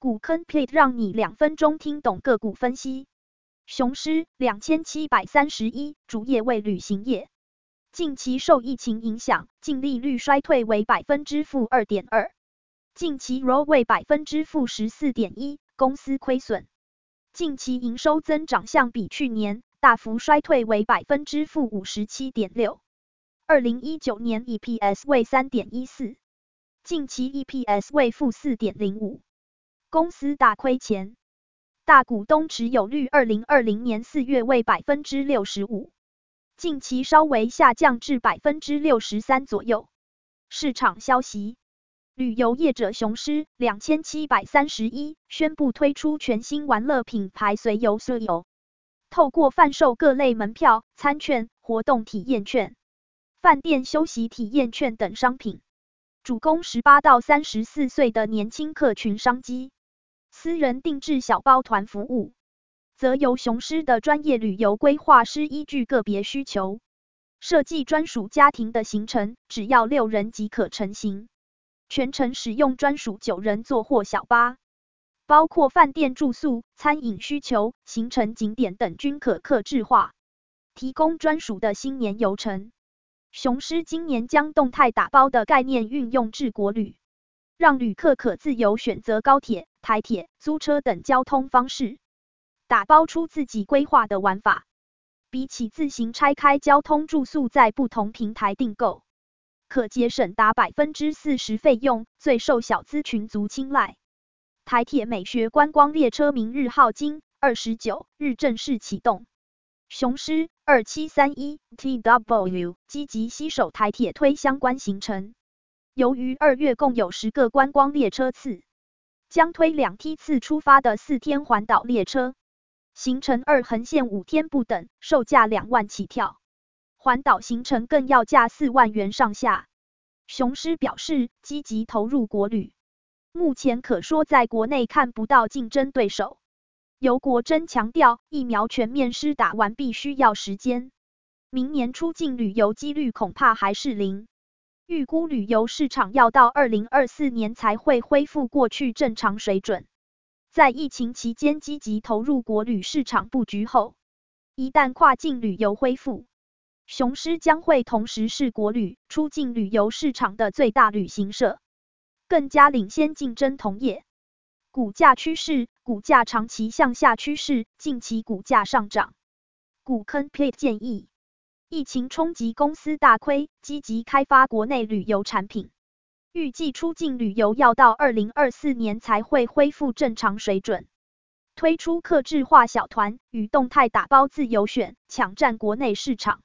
股坑 plate 讓你兩分鐘聽懂個股分析。雄獅兩千七百三十一，31, 主業為旅行業，近期受疫情影響，淨利率衰退為百分之負二點二，近期 ROE 為百分之負十四點一，1, 公司虧損。近期營收增長相比去年大幅衰退為百分之負五十七點六，二零一九年 EPS 為三點一四，近期 EPS 為負四點零五。公司大虧錢，大股東持有率二零二零年四月為百分之六十五，近期稍微下降至百分之六十三左右。市場消息：旅遊業者雄獅兩千七百三十一宣布推出全新玩樂品牌隨遊隨遊，透過販售各類門票、餐券、活動體驗券、飯店休息體驗券等商品，主攻十八到三十四歲的年輕客群商機。私人定製小包團服務，則由雄獅的專業旅遊規劃師依據個別需求，設計專屬家庭的行程，只要六人即可成行，全程使用專屬九人座或小巴，包括飯店住宿、餐飲需求、行程景點等均可客製化，提供專屬的新年遊程。雄獅今年將動態打包的概念運用至國旅，讓旅客可自由選擇高鐵。台鐵租車等交通方式，打包出自己規劃的玩法，比起自行拆開交通住宿在不同平台訂購，可節省達百分之四十費用，最受小資群族青睞。台鐵美學觀光列車明日號今二十九日正式啟動，雄獅二七三一 TW 積極攜手台鐵推相關行程。由於二月共有十個觀光列車次，將推兩梯次出發的四天環島列車，行程二橫線五天不等，售價兩萬起跳。環島行程更要價四萬元上下。雄獅表示積極投入國旅，目前可說在國內看不到競爭對手。游國珍強調，疫苗全面施打完畢需要時間，明年出境旅遊幾率恐怕還是零。預估旅遊市場要到二零二四年才會恢復過去正常水準。在疫情期間積極投入國旅市場布局後，一旦跨境旅遊恢復，雄獅將會同時是國旅、出境旅遊市場的最大旅行社，更加領先競爭同業。股價趨勢：股價長期向下趨勢，近期股價上漲。股坑 pit 建議。疫情衝擊公司大虧，積極開發國內旅遊產品。預計出境旅遊要到二零二四年才會恢復正常水準。推出客製化小團與動態打包自由選，搶佔國內市場。